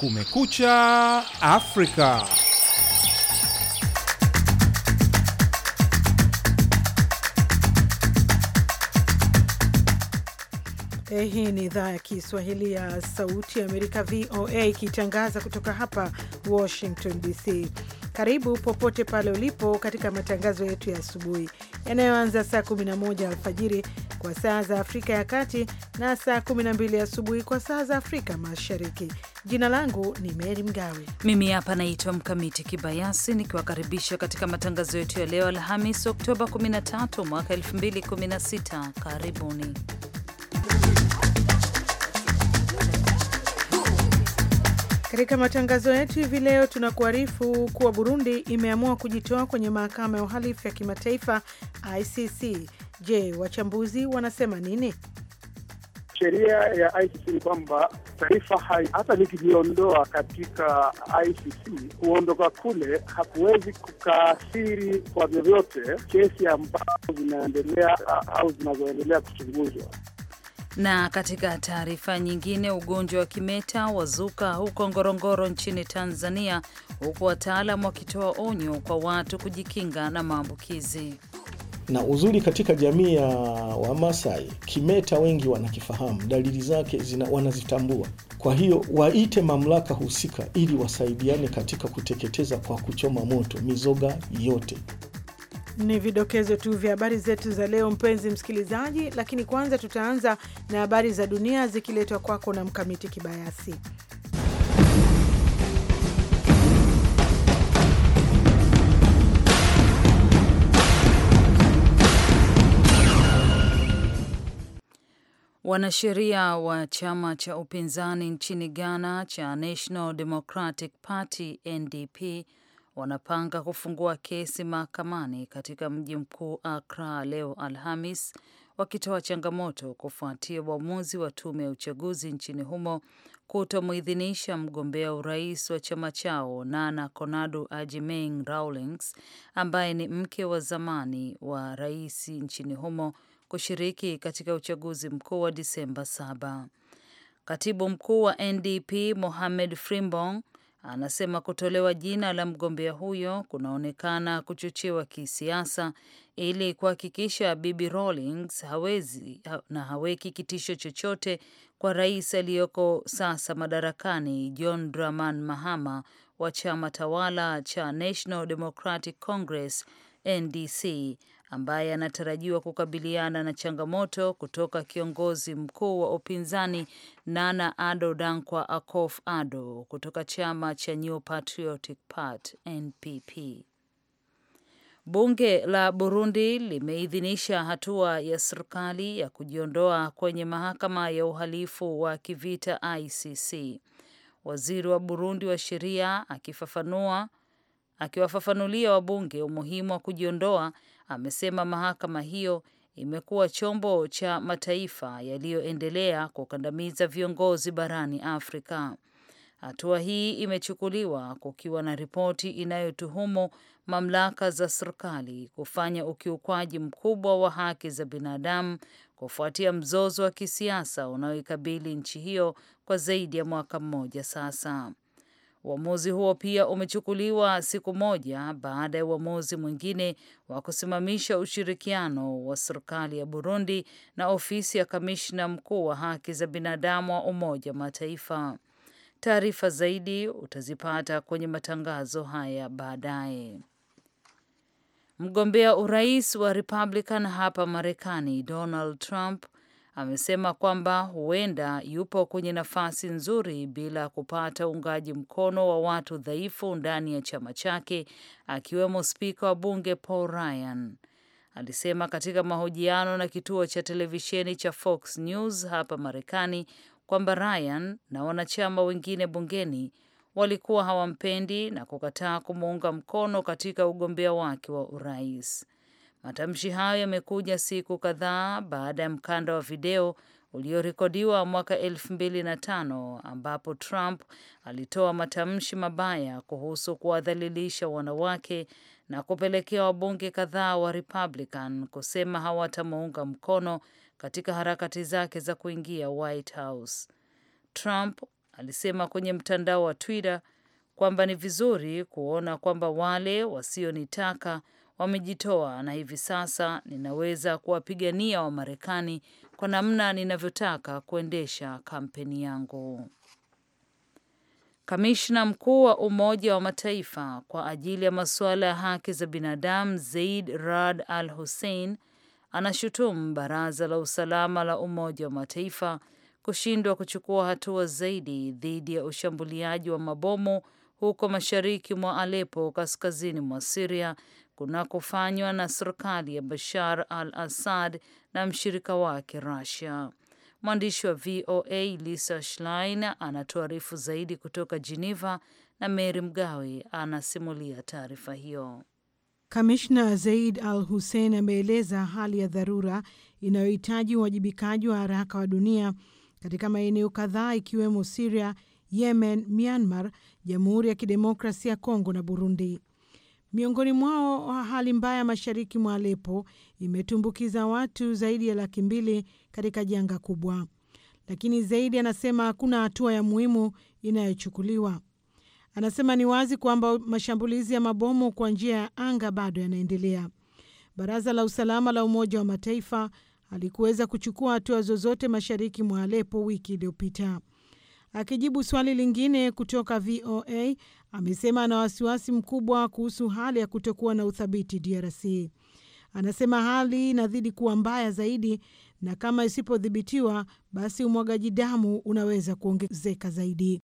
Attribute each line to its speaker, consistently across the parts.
Speaker 1: Kumekucha Afrika.
Speaker 2: Eh, hii ni idhaa ya Kiswahili ya Sauti ya Amerika, VOA, ikitangaza kutoka hapa Washington DC. Karibu popote pale ulipo katika matangazo yetu ya asubuhi yanayoanza saa 11 alfajiri kwa saa za Afrika ya Kati na saa 12 asubuhi kwa saa za Afrika Mashariki. Jina langu ni Meri Mgawe.
Speaker 3: Mimi hapa naitwa Mkamiti Kibayasi, nikiwakaribisha katika matangazo yetu ya leo Alhamis, Oktoba 13 mwaka 2016. Karibuni.
Speaker 2: Katika matangazo yetu hivi leo tunakuarifu kuwa Burundi imeamua kujitoa kwenye mahakama ya uhalifu ya kimataifa ICC. Je, wachambuzi wanasema nini?
Speaker 4: sheria ya ICC ni kwamba taifa hai hata likijiondoa katika ICC, kuondoka kule hakuwezi kukaathiri kwa vyovyote kesi ambazo zinaendelea au zinazoendelea kuchunguzwa.
Speaker 3: Na katika taarifa nyingine, ugonjwa wa kimeta wazuka huko Ngorongoro nchini Tanzania, huku wataalam wakitoa onyo kwa watu kujikinga na maambukizi
Speaker 5: na uzuri katika jamii ya Wamasai kimeta wengi wanakifahamu, dalili zake zina, wanazitambua. Kwa hiyo waite mamlaka husika ili wasaidiane katika kuteketeza kwa kuchoma moto mizoga yote.
Speaker 2: Ni vidokezo tu vya habari zetu za leo, mpenzi msikilizaji, lakini kwanza tutaanza na habari za dunia zikiletwa kwako na Mkamiti Kibayasi.
Speaker 3: Wanasheria wa chama cha upinzani nchini Ghana cha National Democratic Party NDP wanapanga kufungua kesi mahakamani katika mji mkuu Accra leo Alhamis, wakitoa changamoto kufuatia uamuzi wa tume ya uchaguzi nchini humo kutomwidhinisha mgombea urais wa chama chao Nana Konadu Agyemeng Rawlings ambaye ni mke wa zamani wa rais nchini humo kushiriki katika uchaguzi mkuu wa Disemba 7. Katibu mkuu wa NDP Mohamed Frimbong anasema kutolewa jina la mgombea huyo kunaonekana kuchochewa kisiasa ili kuhakikisha Bibi Rawlings hawezi na haweki kitisho chochote kwa rais aliyoko sasa madarakani John Dramani Mahama wa chama tawala cha National Democratic Congress NDC ambaye anatarajiwa kukabiliana na changamoto kutoka kiongozi mkuu wa upinzani Nana Ado Dankwa Akof Ado kutoka chama cha New Patriotic Party NPP. Bunge la Burundi limeidhinisha hatua ya serikali ya kujiondoa kwenye mahakama ya uhalifu wa kivita ICC. Waziri wa Burundi wa sheria akifafanua akiwafafanulia wabunge umuhimu wa kujiondoa amesema mahakama hiyo imekuwa chombo cha mataifa yaliyoendelea kukandamiza viongozi barani Afrika. Hatua hii imechukuliwa kukiwa na ripoti inayotuhumu mamlaka za serikali kufanya ukiukwaji mkubwa wa haki za binadamu kufuatia mzozo wa kisiasa unaoikabili nchi hiyo kwa zaidi ya mwaka mmoja sasa. Uamuzi huo pia umechukuliwa siku moja baada ya uamuzi mwingine wa kusimamisha ushirikiano wa serikali ya Burundi na ofisi ya kamishna mkuu wa haki za binadamu wa Umoja wa Mataifa. Taarifa zaidi utazipata kwenye matangazo haya baadaye. Mgombea urais wa Republican hapa Marekani Donald Trump amesema kwamba huenda yupo kwenye nafasi nzuri bila kupata uungaji mkono wa watu dhaifu ndani ya chama chake akiwemo spika wa bunge Paul Ryan. Alisema katika mahojiano na kituo cha televisheni cha Fox News hapa Marekani kwamba Ryan na wanachama wengine bungeni walikuwa hawampendi na kukataa kumuunga mkono katika ugombea wake wa urais. Matamshi hayo yamekuja siku kadhaa baada ya mkanda wa video uliorekodiwa mwaka elfu mbili na tano ambapo Trump alitoa matamshi mabaya kuhusu kuwadhalilisha wanawake na kupelekea wabunge kadhaa wa Republican kusema hawatamuunga mkono katika harakati zake za kuingia White House. Trump alisema kwenye mtandao wa Twitter kwamba ni vizuri kuona kwamba wale wasionitaka wamejitoa na hivi sasa ninaweza kuwapigania Wamarekani kwa namna ninavyotaka kuendesha kampeni yangu. Kamishna mkuu wa Umoja wa Mataifa kwa ajili ya masuala ya haki za binadamu Zaid Rad Al Hussein anashutumu Baraza la Usalama la Umoja wa Mataifa kushindwa kuchukua hatua zaidi dhidi ya ushambuliaji wa mabomu huko mashariki mwa alepo kaskazini mwa siria kunakofanywa na serikali ya Bashar al Assad na mshirika wake Russia. Mwandishi wa VOA Lisa Schlein anatuarifu zaidi kutoka Geneva na Mary Mgawe anasimulia taarifa hiyo.
Speaker 2: Kamishna Zaid Al Hussein ameeleza hali ya dharura inayohitaji uwajibikaji wa haraka wa dunia katika maeneo kadhaa ikiwemo Siria, Yemen, Myanmar, Jamhuri ya Kidemokrasia ya Kongo na Burundi. Miongoni mwao wa hali mbaya mashariki mwa Alepo imetumbukiza watu zaidi ya laki mbili katika janga kubwa, lakini Zaidi anasema hakuna hatua ya muhimu inayochukuliwa. Anasema ni wazi kwamba mashambulizi ya mabomu kwa njia ya anga bado yanaendelea. Baraza la usalama la Umoja wa Mataifa halikuweza kuchukua hatua zozote mashariki mwa Alepo wiki iliyopita. Akijibu swali lingine kutoka VOA, amesema ana wasiwasi mkubwa kuhusu hali ya kutokuwa na uthabiti DRC. Anasema hali inazidi kuwa mbaya zaidi, na kama isipodhibitiwa, basi umwagaji damu unaweza kuongezeka zaidi.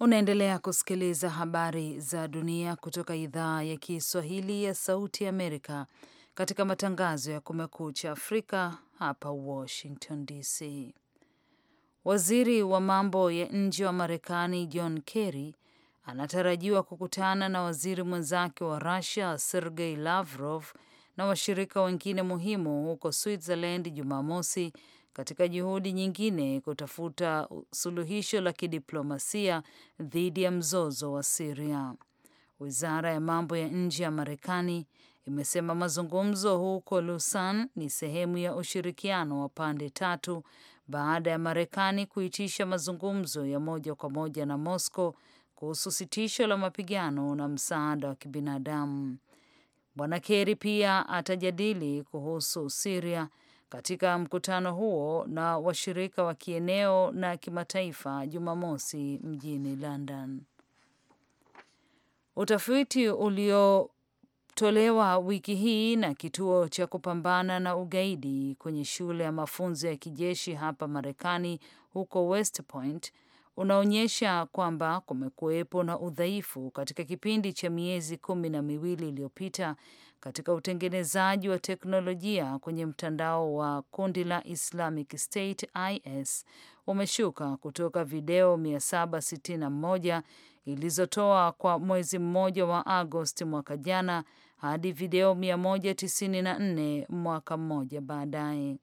Speaker 3: Unaendelea kusikiliza habari za dunia kutoka idhaa ya Kiswahili ya Sauti Amerika katika matangazo ya Kumekucha Afrika hapa Washington DC. Waziri wa mambo ya nje wa Marekani John Kerry anatarajiwa kukutana na waziri mwenzake wa Rusia Sergei Lavrov na washirika wengine muhimu huko Switzerland Jumamosi katika juhudi nyingine kutafuta suluhisho la kidiplomasia dhidi ya mzozo wa Siria. Wizara ya mambo ya nje ya Marekani imesema mazungumzo huko lusan ni sehemu ya ushirikiano wa pande tatu baada ya Marekani kuitisha mazungumzo ya moja kwa moja na Moscow kuhusu sitisho la mapigano na msaada wa kibinadamu. Bwana Kerry pia atajadili kuhusu Siria katika mkutano huo na washirika wa kieneo na kimataifa Jumamosi mjini London. Utafiti ulio tolewa wiki hii na kituo cha kupambana na ugaidi kwenye shule ya mafunzo ya kijeshi hapa Marekani huko West Point unaonyesha kwamba kumekuwepo na udhaifu katika kipindi cha miezi kumi na miwili iliyopita katika utengenezaji wa teknolojia kwenye mtandao wa kundi la Islamic State IS umeshuka kutoka video 761 ilizotoa kwa mwezi mmoja wa Agosti mwaka jana hadi video 194 mwaka mmoja baadaye.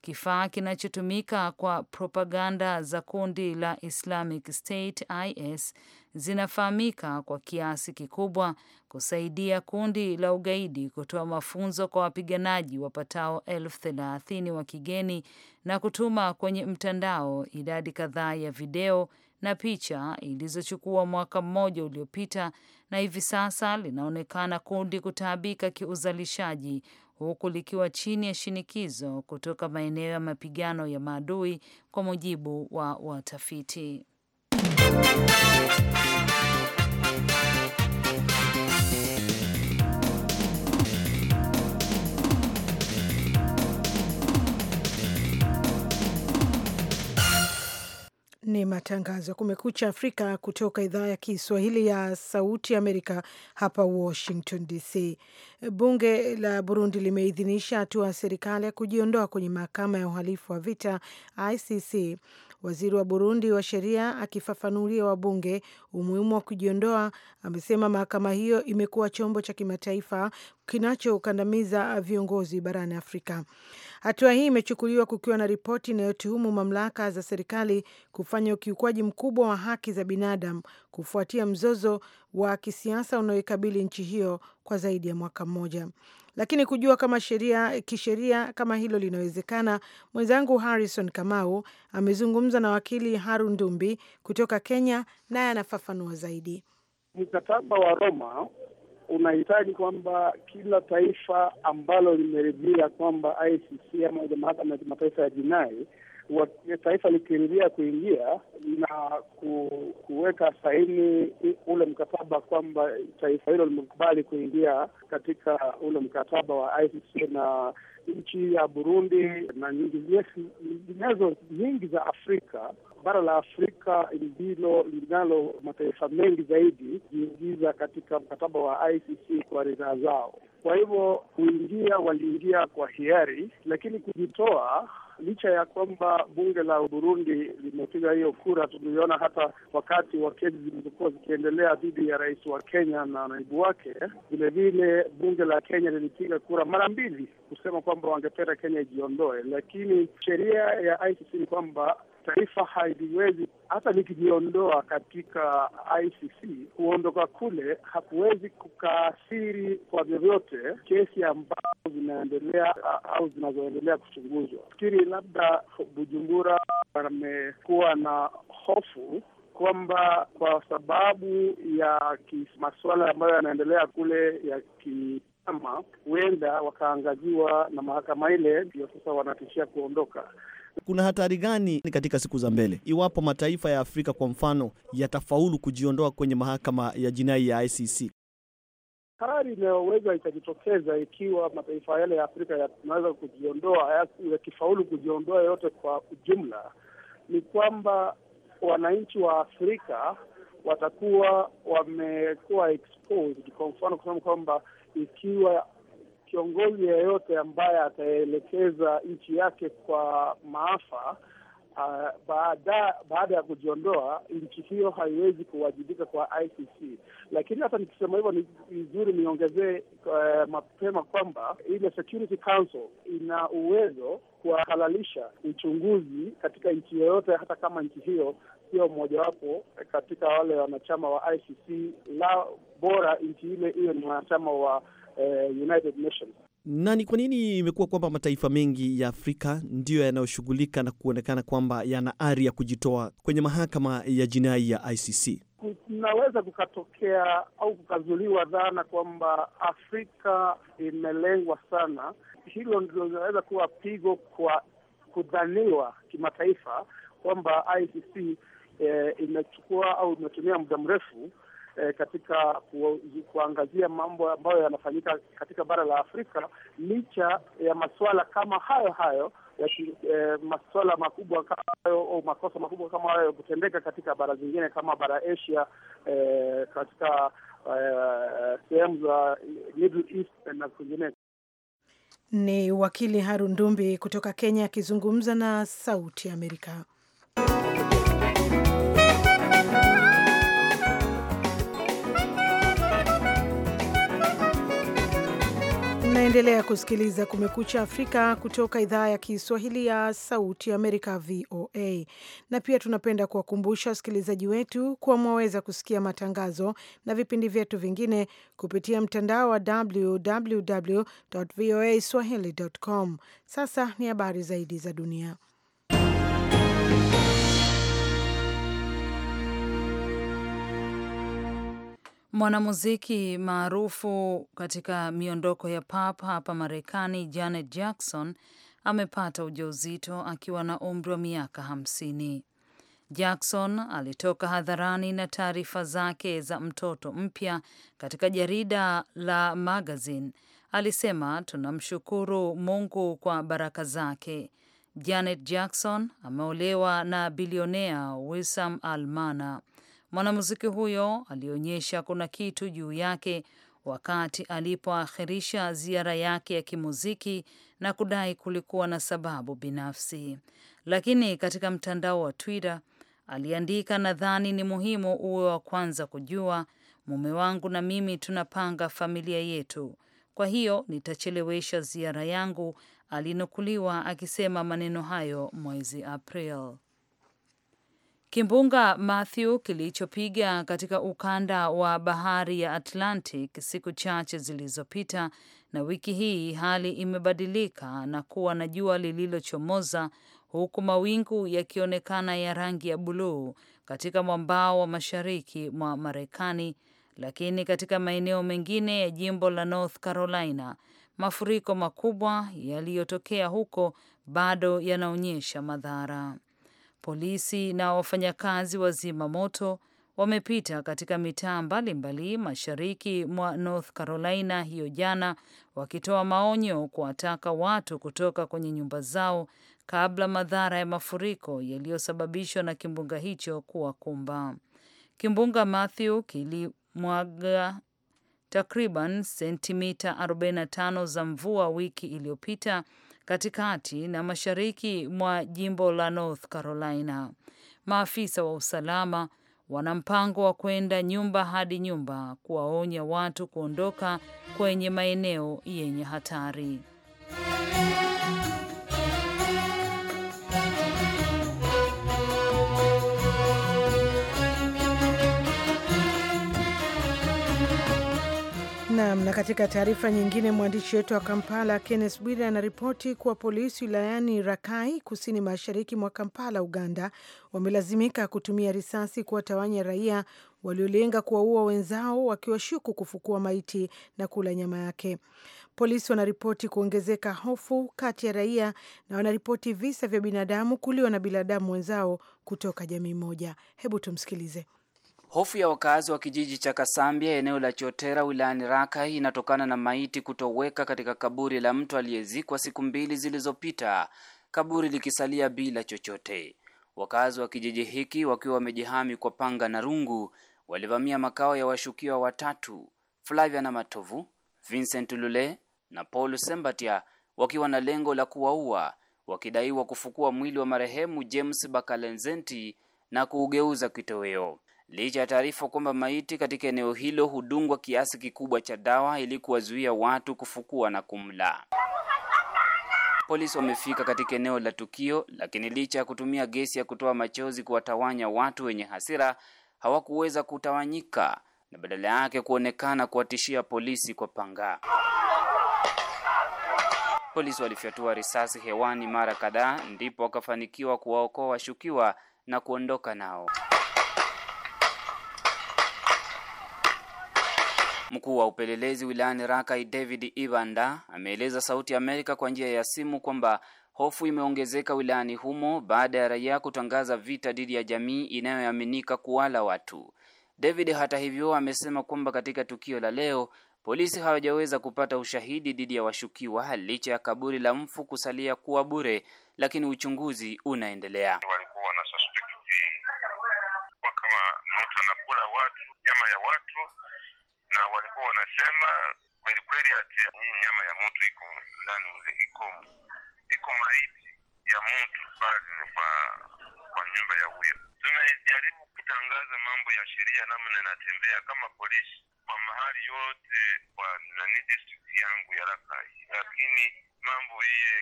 Speaker 3: Kifaa kinachotumika kwa propaganda za kundi la Islamic State IS zinafahamika kwa kiasi kikubwa kusaidia kundi la ugaidi kutoa mafunzo kwa wapiganaji wapatao elfu thelathini wa kigeni na kutuma kwenye mtandao idadi kadhaa ya video na picha ilizochukua mwaka mmoja uliopita, na hivi sasa linaonekana kundi kutaabika kiuzalishaji huku likiwa chini ya shinikizo kutoka maeneo ya mapigano ya maadui, kwa mujibu wa watafiti.
Speaker 2: Ni matangazo ya Kumekucha Afrika kutoka idhaa ya Kiswahili ya Sauti Amerika, hapa Washington DC. Bunge la Burundi limeidhinisha hatua ya serikali ya kujiondoa kwenye mahakama ya uhalifu wa vita ICC, waziri wa Burundi wa sheria akifafanulia wabunge umuhimu wa kujiondoa, amesema mahakama hiyo imekuwa chombo cha kimataifa kinachokandamiza viongozi barani Afrika. Hatua hii imechukuliwa kukiwa na ripoti inayotuhumu mamlaka za serikali kufanya ukiukwaji mkubwa wa haki za binadamu kufuatia mzozo wa kisiasa unaoikabili nchi hiyo kwa zaidi ya mwaka mmoja. Lakini kujua kama sheria kisheria kama hilo linawezekana, mwenzangu Harrison Kamau amezungumza na wakili Harun Dumbi kutoka Kenya, naye anafafanua zaidi.
Speaker 4: Mkataba wa Roma unahitaji kwamba kila taifa ambalo limeridhia kwamba ICC ama mahakama ya kimataifa ya jinai taifa likiridhia kuingia na ku, kuweka saini ule mkataba kwamba taifa hilo limekubali kuingia katika ule mkataba wa ICC na nchi ya Burundi na nyinginezo nyingi za Afrika bara la Afrika ndilo linalo mataifa mengi zaidi kujiingiza katika mkataba wa ICC kwa ridhaa zao. Kwa hivyo kuingia, waliingia kwa hiari, lakini kujitoa licha ya kwamba bunge la Burundi limepiga hiyo kura, tuliona hata wakati wa kesi zilizokuwa zikiendelea dhidi ya rais wa Kenya na naibu wake. Vilevile bunge la Kenya lilipiga kura mara mbili kusema kwamba wangependa Kenya ijiondoe, lakini sheria ya ICC ni kwamba taifa haliwezi hata nikijiondoa katika ICC, kuondoka kule hakuwezi kukaathiri kwa vyovyote kesi ambazo zinaendelea au zinazoendelea kuchunguzwa. fikiri labda Bujumbura amekuwa na hofu kwamba kwa sababu ya masuala ambayo yanaendelea kule ya ki ama huenda wakaangaziwa na mahakama ile, ndio sasa wanatishia kuondoka.
Speaker 5: Kuna hatari gani katika siku za mbele iwapo mataifa ya Afrika kwa mfano yatafaulu kujiondoa kwenye mahakama ya jinai ya ICC?
Speaker 4: Hatari inayoweza ikajitokeza ikiwa mataifa yale ya Afrika yanaweza kujiondoa, yakifaulu kujiondoa yote kwa ujumla, ni kwamba wananchi wa Afrika watakuwa wamekuwa exposed. Kwa mfano kusema kwamba ikiwa kiongozi yeyote ambaye ataelekeza nchi yake kwa maafa Uh, baada baada ya kujiondoa nchi hiyo haiwezi kuwajibika kwa ICC. Lakini hata nikisema hivyo, ni vizuri niongezee uh, mapema kwamba ile Security Council ina uwezo kuwahalalisha uchunguzi katika nchi yoyote, hata kama nchi hiyo sio mmojawapo katika wale wanachama wa ICC. La bora nchi ile hiyo ni wanachama wa Uh, United Nations.
Speaker 5: Na ni kwa nini imekuwa kwamba mataifa mengi ya Afrika ndiyo yanayoshughulika na kuonekana kwamba yana ari ya kujitoa kwenye mahakama ya jinai ya ICC?
Speaker 4: Kunaweza kukatokea au kukazuliwa dhana kwamba Afrika imelengwa sana. Hilo ndilo linaweza kuwa pigo kwa kudhaniwa kimataifa kwamba ICC eh, imechukua au imetumia muda mrefu eh, katika ku, kuangazia mambo ambayo yanafanyika katika bara la Afrika licha ya masuala kama hayo hayo ya eh, masuala makubwa kama hayo au makosa makubwa kama hayo kutendeka katika bara zingine kama bara Asia eh, katika eh, sehemu za Middle East na kwingineko.
Speaker 2: Ni wakili Harun Dumbi kutoka Kenya akizungumza na Sauti Amerika. Unaendelea kusikiliza Kumekucha Afrika kutoka idhaa ya Kiswahili ya Sauti Amerika, VOA. Na pia tunapenda kuwakumbusha wasikilizaji wetu kuwa mwaweza kusikia matangazo na vipindi vyetu vingine kupitia mtandao wa www voa swahili com. Sasa ni habari zaidi za dunia.
Speaker 3: Mwanamuziki maarufu katika miondoko ya pop hapa Marekani, Janet Jackson amepata ujauzito akiwa na umri wa miaka hamsini. Jackson alitoka hadharani na taarifa zake za mtoto mpya katika jarida la Magazine. Alisema, tunamshukuru Mungu kwa baraka zake. Janet Jackson ameolewa na bilionea Wissam Almana. Mwanamuziki huyo alionyesha kuna kitu juu yake wakati alipoakhirisha ziara yake ya kimuziki na kudai kulikuwa na sababu binafsi, lakini katika mtandao wa Twitter aliandika, nadhani ni muhimu uwe wa kwanza kujua. Mume wangu na mimi tunapanga familia yetu, kwa hiyo nitachelewesha ziara yangu. Alinukuliwa akisema maneno hayo mwezi April. Kimbunga Matthew kilichopiga katika ukanda wa bahari ya Atlantic siku chache zilizopita, na wiki hii hali imebadilika na kuwa na jua lililochomoza huku mawingu yakionekana ya rangi ya buluu katika mwambao wa mashariki mwa Marekani, lakini katika maeneo mengine ya jimbo la North Carolina, mafuriko makubwa yaliyotokea huko bado yanaonyesha madhara. Polisi na wafanyakazi wa zima moto wamepita katika mitaa mbalimbali mashariki mwa North Carolina hiyo jana, wakitoa maonyo kuwataka watu kutoka kwenye nyumba zao kabla madhara ya mafuriko yaliyosababishwa na kimbunga hicho kuwakumba. Kimbunga Matthew kilimwaga takriban sentimita 45 za mvua wiki iliyopita katikati na mashariki mwa jimbo la North Carolina. Maafisa wa usalama wana mpango wa kwenda nyumba hadi nyumba kuwaonya watu kuondoka kwenye maeneo yenye hatari.
Speaker 2: Katika taarifa nyingine, mwandishi wetu wa Kampala Kenneth Bwire anaripoti kuwa polisi wilayani Rakai, kusini mashariki mwa Kampala, Uganda, wamelazimika kutumia risasi kuwatawanya raia waliolenga kuwaua wenzao wakiwashuku kufukua maiti na kula nyama yake. Polisi wanaripoti kuongezeka hofu kati ya raia na wanaripoti visa vya binadamu kuliwa na binadamu wenzao kutoka jamii moja. Hebu tumsikilize.
Speaker 6: Hofu ya wakazi wa kijiji cha Kasambia eneo la Chotera wilayani Raka inatokana na maiti kutoweka katika kaburi la mtu aliyezikwa siku mbili zilizopita, kaburi likisalia bila chochote. Wakazi wa kijiji hiki wakiwa wamejihami kwa panga na rungu walivamia makao ya washukiwa watatu, Flavia na Matovu, Vincent Lule na Paul Sembatia, wakiwa na lengo la kuwaua, wakidaiwa kufukua mwili wa marehemu James Bakalenzenti na kuugeuza kitoweo licha ya taarifa kwamba maiti katika eneo hilo hudungwa kiasi kikubwa cha dawa ili kuwazuia watu kufukua na kumla. Polisi wamefika katika eneo la tukio, lakini licha ya kutumia gesi ya kutoa machozi kuwatawanya watu wenye hasira, hawakuweza kutawanyika na badala yake kuonekana kuwatishia polisi kwa panga. Polisi walifyatua risasi hewani mara kadhaa, ndipo wakafanikiwa kuwaokoa washukiwa na kuondoka nao. Mkuu wa upelelezi wilayani Rakai David Ivanda ameeleza Sauti ya Amerika kwa njia ya simu kwamba hofu imeongezeka wilayani humo baada ya raia kutangaza vita dhidi ya jamii inayoaminika kuwala watu. David hata hivyo amesema kwamba katika tukio la leo polisi hawajaweza kupata ushahidi dhidi ya washukiwa licha ya kaburi la mfu kusalia kuwa bure, lakini uchunguzi unaendelea.
Speaker 4: kweli ati hii nyama ya mtu iko ndani mzee, iko iko maiti ya mtu bado kwa kwa nyumba ya huyo. Tunajaribu kutangaza mambo ya sheria namna inatembea kama
Speaker 2: polisi kwa mahali yote kwa nani district yangu ya Rakai, lakini mambo hiye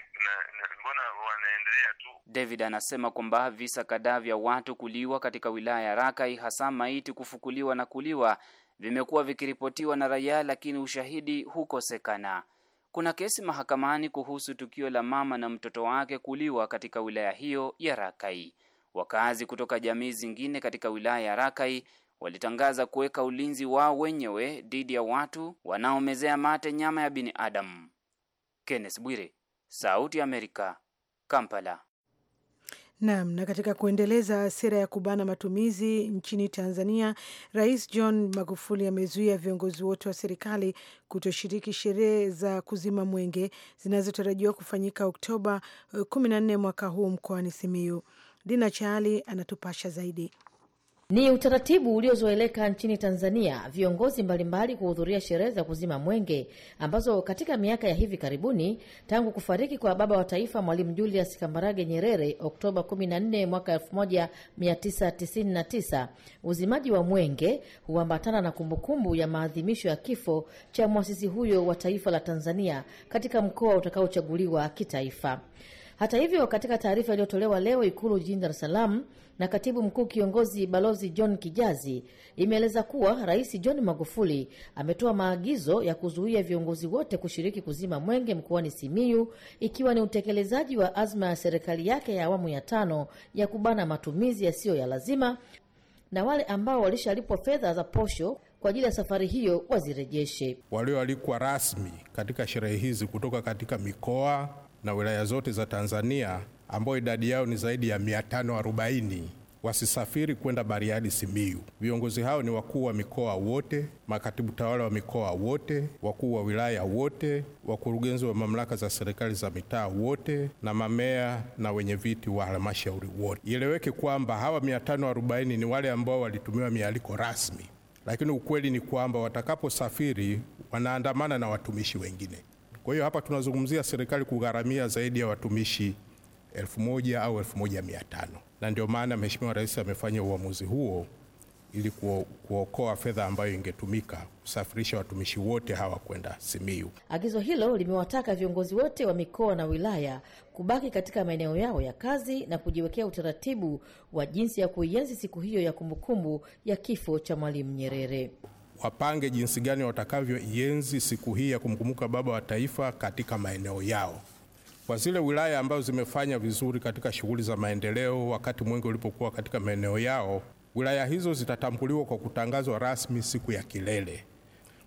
Speaker 2: mbona wanaendelea
Speaker 6: tu. David anasema kwamba visa kadhaa vya watu kuliwa katika wilaya ya Rakai, hasa maiti kufukuliwa na kuliwa vimekuwa vikiripotiwa na raia, lakini ushahidi hukosekana. Kuna kesi mahakamani kuhusu tukio la mama na mtoto wake kuliwa katika wilaya hiyo ya Rakai. Wakazi kutoka jamii zingine katika wilaya ya Rakai walitangaza kuweka ulinzi wao wenyewe dhidi ya watu wanaomezea mate nyama ya binadamu. Kenneth Bwire, Sauti ya Amerika, Kampala.
Speaker 2: Naam, na katika kuendeleza sera ya kubana matumizi nchini Tanzania, Rais John Magufuli amezuia viongozi wote wa serikali kutoshiriki sherehe za kuzima mwenge zinazotarajiwa kufanyika Oktoba 14 eh, mwaka huu mkoani Simiyu. Dina
Speaker 7: Chali anatupasha zaidi. Ni utaratibu uliozoeleka nchini Tanzania viongozi mbalimbali kuhudhuria sherehe za kuzima mwenge ambazo katika miaka ya hivi karibuni tangu kufariki kwa baba wa taifa Mwalimu Julius Kambarage Nyerere Oktoba 14 mwaka 1999, uzimaji wa mwenge huambatana na kumbukumbu ya maadhimisho ya kifo cha mwasisi huyo wa taifa la Tanzania katika mkoa utakaochaguliwa kitaifa. Hata hivyo, katika taarifa iliyotolewa leo Ikulu jijini Dar es Salaam na katibu mkuu kiongozi Balozi John Kijazi, imeeleza kuwa Rais John Magufuli ametoa maagizo ya kuzuia viongozi wote kushiriki kuzima mwenge mkoani Simiyu, ikiwa ni utekelezaji wa azma ya serikali yake ya awamu ya tano ya kubana matumizi yasiyo ya lazima, na wale ambao walishalipwa fedha za posho kwa ajili ya safari hiyo wazirejeshe.
Speaker 1: Walioalikwa rasmi katika sherehe hizi kutoka katika mikoa na wilaya zote za Tanzania ambao idadi yao ni zaidi ya 540 wasisafiri kwenda Bariadi, Simiyu. Viongozi hao ni wakuu wa mikoa wote, makatibu tawala wa mikoa wote, wakuu wa wilaya wote, wakurugenzi wa mamlaka za serikali za mitaa wote, na mameya na wenyeviti wa halmashauri wote. Ieleweke kwamba hawa 540 ni wale ambao walitumiwa mialiko rasmi, lakini ukweli ni kwamba watakaposafiri wanaandamana na watumishi wengine. Kwa hiyo hapa tunazungumzia serikali kugharamia zaidi ya watumishi elfu moja au elfu moja mia tano na ndio maana Mheshimiwa Rais amefanya uamuzi huo ili kuokoa fedha ambayo ingetumika kusafirisha watumishi wote hawa kwenda Simiyu.
Speaker 7: Agizo hilo limewataka viongozi wote wa mikoa na wilaya kubaki katika maeneo yao ya kazi na kujiwekea utaratibu wa jinsi ya kuienzi siku hiyo ya kumbukumbu ya kifo cha Mwalimu Nyerere
Speaker 1: wapange jinsi gani watakavyoienzi siku hii ya kumkumbuka baba wa taifa katika maeneo yao. Kwa zile wilaya ambazo zimefanya vizuri katika shughuli za maendeleo wakati mwenge ulipokuwa katika maeneo yao, wilaya hizo zitatambuliwa kwa kutangazwa rasmi siku ya kilele.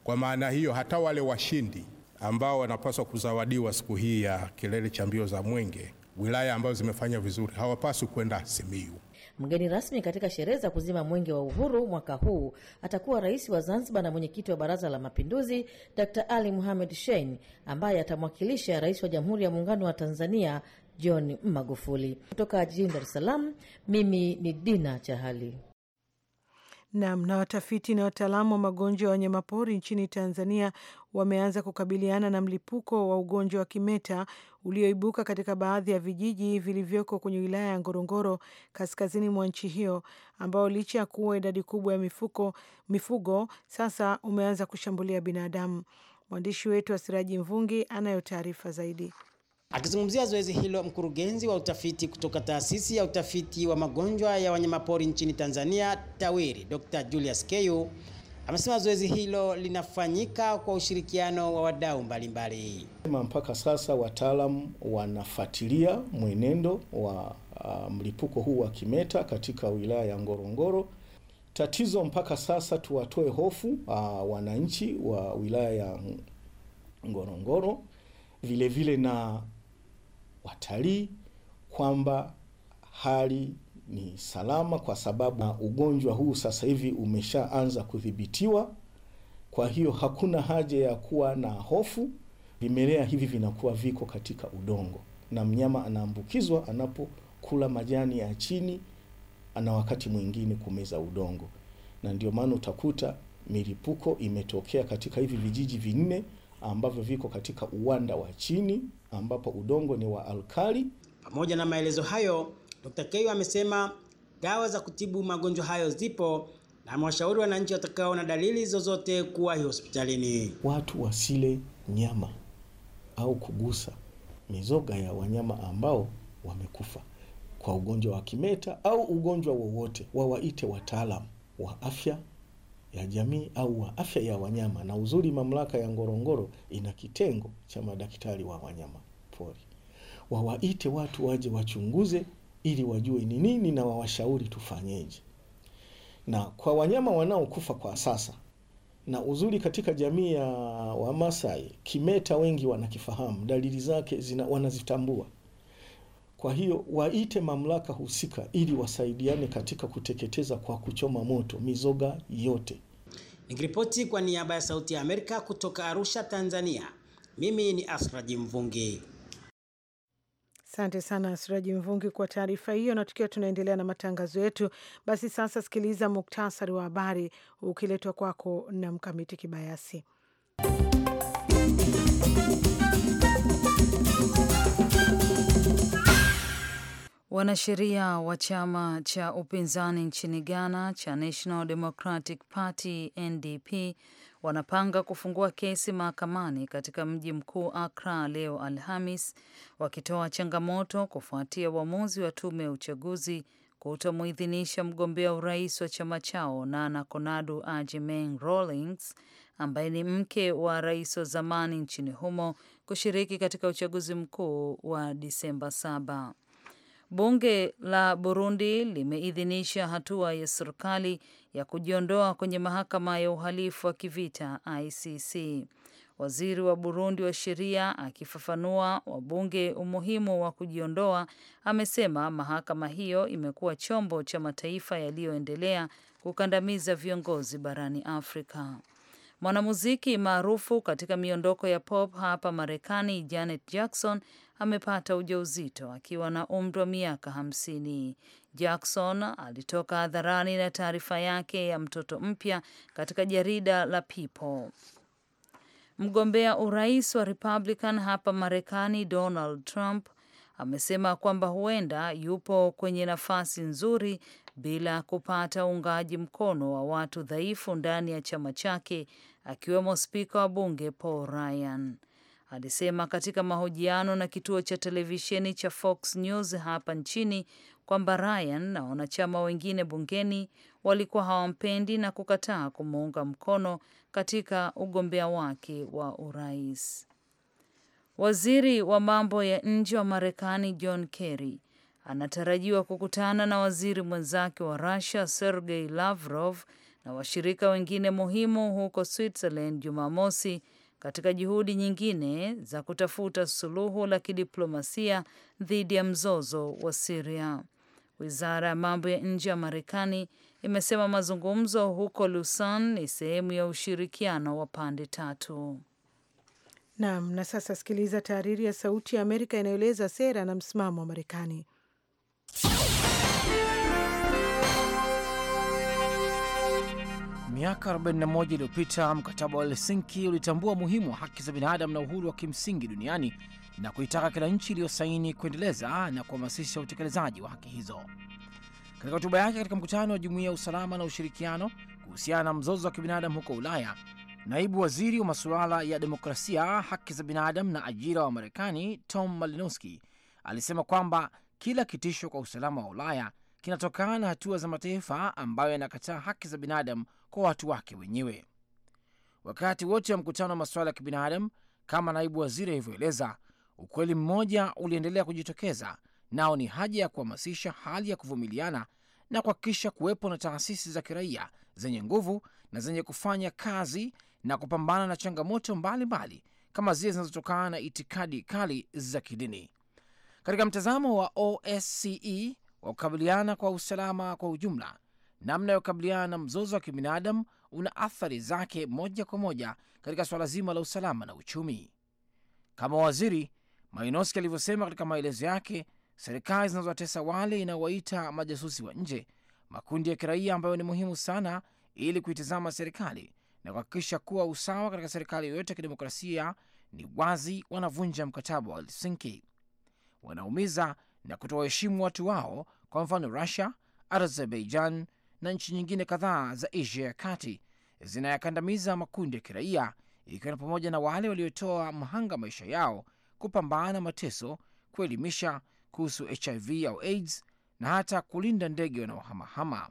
Speaker 1: Kwa maana hiyo, hata wale washindi ambao wanapaswa kuzawadiwa siku hii ya kilele cha mbio za mwenge, wilaya ambazo zimefanya vizuri hawapaswi kwenda Simiyu.
Speaker 7: Mgeni rasmi katika sherehe za kuzima mwenge wa uhuru mwaka huu atakuwa rais wa Zanzibar na mwenyekiti wa Baraza la Mapinduzi Dkt Ali Muhamed Shein ambaye atamwakilisha rais wa Jamhuri ya Muungano wa Tanzania John Magufuli. Kutoka jijini Dar es Salaam, mimi ni Dina Chahali. Nam na watafiti na wataalamu wa magonjwa
Speaker 2: ya wanyamapori nchini Tanzania wameanza kukabiliana na mlipuko wa ugonjwa wa kimeta ulioibuka katika baadhi ya vijiji vilivyoko kwenye wilaya ya Ngorongoro kaskazini mwa nchi hiyo, ambao licha ya kuwa idadi kubwa ya mifuko, mifugo sasa umeanza kushambulia binadamu. Mwandishi wetu wa Siraji Mvungi anayo taarifa zaidi. Akizungumzia zoezi hilo, mkurugenzi wa utafiti kutoka taasisi ya utafiti wa magonjwa ya wanyamapori nchini Tanzania TAWIRI, Dr. Julius Keyu amesema zoezi hilo linafanyika kwa ushirikiano wa wadau mbalimbali.
Speaker 5: Mpaka sasa wataalamu wanafuatilia mwenendo wa uh, mlipuko huu wa kimeta katika wilaya ya Ngorongoro. Tatizo mpaka sasa tuwatoe hofu uh, wananchi wa wilaya ya Ngorongoro vilevile na watalii kwamba hali ni salama, kwa sababu na ugonjwa huu sasa hivi umeshaanza kudhibitiwa. Kwa hiyo hakuna haja ya kuwa na hofu. Vimelea hivi vinakuwa viko katika udongo, na mnyama anaambukizwa anapokula majani ya chini, ana wakati mwingine kumeza udongo, na ndio maana utakuta milipuko imetokea katika hivi vijiji vinne ambavyo viko katika uwanda wa chini
Speaker 2: ambapo udongo ni wa alkali. Pamoja na maelezo hayo, Dr. Keyo amesema dawa za kutibu magonjwa hayo zipo na amewashauri wananchi watakao na dalili zozote kuwahi hospitalini.
Speaker 5: Watu wasile nyama au kugusa mizoga ya wanyama ambao wamekufa kwa ugonjwa wa kimeta au ugonjwa wowote, wawaite wataalamu wa afya ya jamii au wa afya ya wanyama, na uzuri mamlaka ya Ngorongoro ina kitengo cha madaktari wa wanyama pori. Wawaite watu waje wachunguze ili wajue ni nini na wawashauri tufanyeje. Na kwa wanyama wanaokufa kwa sasa, na uzuri katika jamii ya Wamasai, kimeta wengi wanakifahamu, dalili zake zina, wanazitambua kwa hiyo waite mamlaka husika ili wasaidiane katika kuteketeza kwa kuchoma moto mizoga yote.
Speaker 8: Nikiripoti
Speaker 2: kwa niaba ya Sauti ya Amerika kutoka Arusha, Tanzania, mimi ni Asraji Mvungi. Asante sana Suraji Mvungi kwa taarifa hiyo. Na tukiwa tunaendelea na matangazo yetu, basi sasa sikiliza muktasari wa habari ukiletwa kwako na Mkamiti Kibayasi.
Speaker 3: Wanasheria wa chama cha upinzani nchini Ghana cha National Democratic Party NDP wanapanga kufungua kesi mahakamani katika mji mkuu Akra leo Alhamis, wakitoa changamoto kufuatia uamuzi wa tume ya uchaguzi kutomuidhinisha mgombea urais wa chama chao Nana Konadu Agyemeng Rawlings ambaye ni mke wa rais wa zamani nchini humo kushiriki katika uchaguzi mkuu wa Disemba saba. Bunge la Burundi limeidhinisha hatua ya serikali ya kujiondoa kwenye mahakama ya uhalifu wa kivita ICC. Waziri wa Burundi wa sheria akifafanua wabunge umuhimu wa kujiondoa, amesema mahakama hiyo imekuwa chombo cha mataifa yaliyoendelea kukandamiza viongozi barani Afrika. Mwanamuziki maarufu katika miondoko ya pop hapa Marekani, Janet Jackson amepata ujauzito akiwa na umri wa miaka hamsini. Jackson alitoka hadharani na taarifa yake ya mtoto mpya katika jarida la People. Mgombea urais wa Republican hapa Marekani Donald Trump amesema kwamba huenda yupo kwenye nafasi nzuri bila kupata uungaji mkono wa watu dhaifu ndani ya chama chake akiwemo spika wa bunge Paul Ryan alisema katika mahojiano na kituo cha televisheni cha Fox News hapa nchini kwamba Ryan na wanachama wengine bungeni walikuwa hawampendi na kukataa kumuunga mkono katika ugombea wake wa urais. Waziri wa mambo ya nje wa Marekani John Kerry anatarajiwa kukutana na waziri mwenzake wa Russia Sergei Lavrov na washirika wengine muhimu huko Switzerland Jumamosi katika juhudi nyingine za kutafuta suluhu la kidiplomasia dhidi ya mzozo wa Siria. Wizara ya mambo ya nje ya Marekani imesema mazungumzo huko Lausanne ni sehemu ya ushirikiano wa pande tatu.
Speaker 2: Naam, na sasa sikiliza tahariri ya Sauti ya Amerika inayoeleza sera na msimamo wa Marekani.
Speaker 8: Miaka 41 iliyopita mkataba wa Helsinki ulitambua umuhimu wa haki za binadamu na uhuru wa kimsingi duniani na kuitaka kila nchi iliyosaini kuendeleza na kuhamasisha utekelezaji wa haki hizo. Katika hotuba yake katika mkutano wa Jumuiya ya Usalama na Ushirikiano kuhusiana na mzozo wa kibinadamu huko Ulaya, naibu waziri wa masuala ya demokrasia, haki za binadamu na ajira wa Marekani Tom Malinowski alisema kwamba kila kitisho kwa usalama wa Ulaya kinatokana na hatua za mataifa ambayo yanakataa haki za binadamu kwa watu wake wenyewe. Wakati wote wa mkutano wa masuala ya kibinadamu, kama naibu waziri alivyoeleza, ukweli mmoja uliendelea kujitokeza, nao ni haja ya kuhamasisha hali ya kuvumiliana na kuhakikisha kuwepo na taasisi za kiraia zenye nguvu na zenye kufanya kazi na kupambana na changamoto mbalimbali mbali, kama zile zinazotokana na itikadi kali za kidini. Katika mtazamo wa OSCE wa kukabiliana kwa usalama kwa ujumla, namna ya kukabiliana na mzozo wa kibinadamu una athari zake moja kwa moja katika suala zima la usalama na uchumi. Kama waziri Mainoski alivyosema katika maelezo yake, serikali zinazowatesa wale inaowaita majasusi wa nje, makundi ya kiraia ambayo ni muhimu sana ili kuitazama serikali na kuhakikisha kuwa usawa katika serikali yoyote ya kidemokrasia, ni wazi wanavunja mkataba wa Helsinki, wanaumiza na kutowaheshimu watu wao, kwa mfano Rusia, Azerbaijan, na nchi nyingine kadhaa za Asia ya kati zinayakandamiza makundi ya kiraia, ikiwa ni pamoja na wale waliotoa mhanga maisha yao kupambana na mateso, kuelimisha kuhusu HIV au AIDS na hata kulinda ndege wanaohamahama.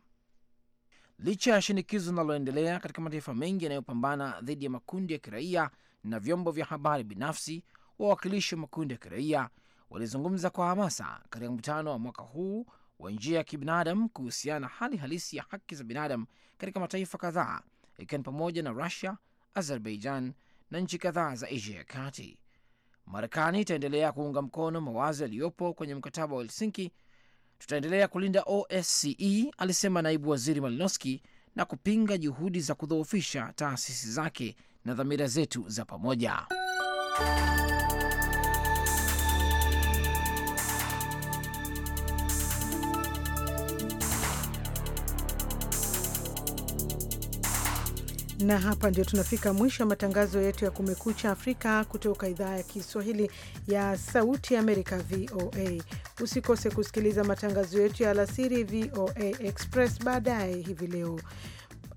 Speaker 8: Licha ya shinikizo linaloendelea katika mataifa mengi yanayopambana dhidi ya makundi ya kiraia na vyombo vya habari binafsi, wawakilishi wa makundi ya kiraia walizungumza kwa hamasa katika mkutano wa mwaka huu wa njia ya kibinadam kuhusiana na hali halisi ya haki za binadam katika mataifa kadhaa ikiwa ni pamoja na Rusia, Azerbaijan na nchi kadhaa za Asia ya Kati. Marekani itaendelea kuunga mkono mawazo yaliyopo kwenye mkataba wa Helsinki. Tutaendelea kulinda OSCE, alisema naibu waziri Malinowski, na kupinga juhudi za kudhoofisha taasisi zake na dhamira zetu za pamoja.
Speaker 2: Na hapa ndio tunafika mwisho wa matangazo yetu ya Kumekucha Afrika kutoka idhaa ya Kiswahili ya Sauti Amerika, VOA. Usikose kusikiliza matangazo yetu ya alasiri, VOA Express, baadaye hivi leo.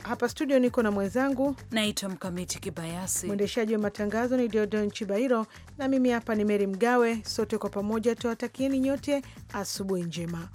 Speaker 2: Hapa studio niko na mwenzangu naitwa Mkamiti Kibayasi, mwendeshaji wa matangazo ni Deodon Chibairo, na mimi hapa ni Meri Mgawe. Sote kwa pamoja tuwatakieni nyote asubuhi njema.